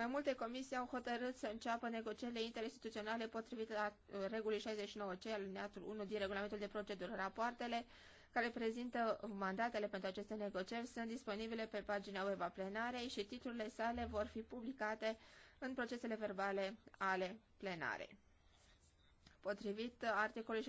Mai multe comisii au hotărât să înceapă negocierile interinstituționale potrivit la uh, regulii 69C, alineatul 1 din regulamentul de procedură. Rapoartele care prezintă mandatele pentru aceste negocieri sunt disponibile pe pagina web a plenarei și titlurile sale vor fi publicate în procesele verbale ale plenarei. Potrivit articolului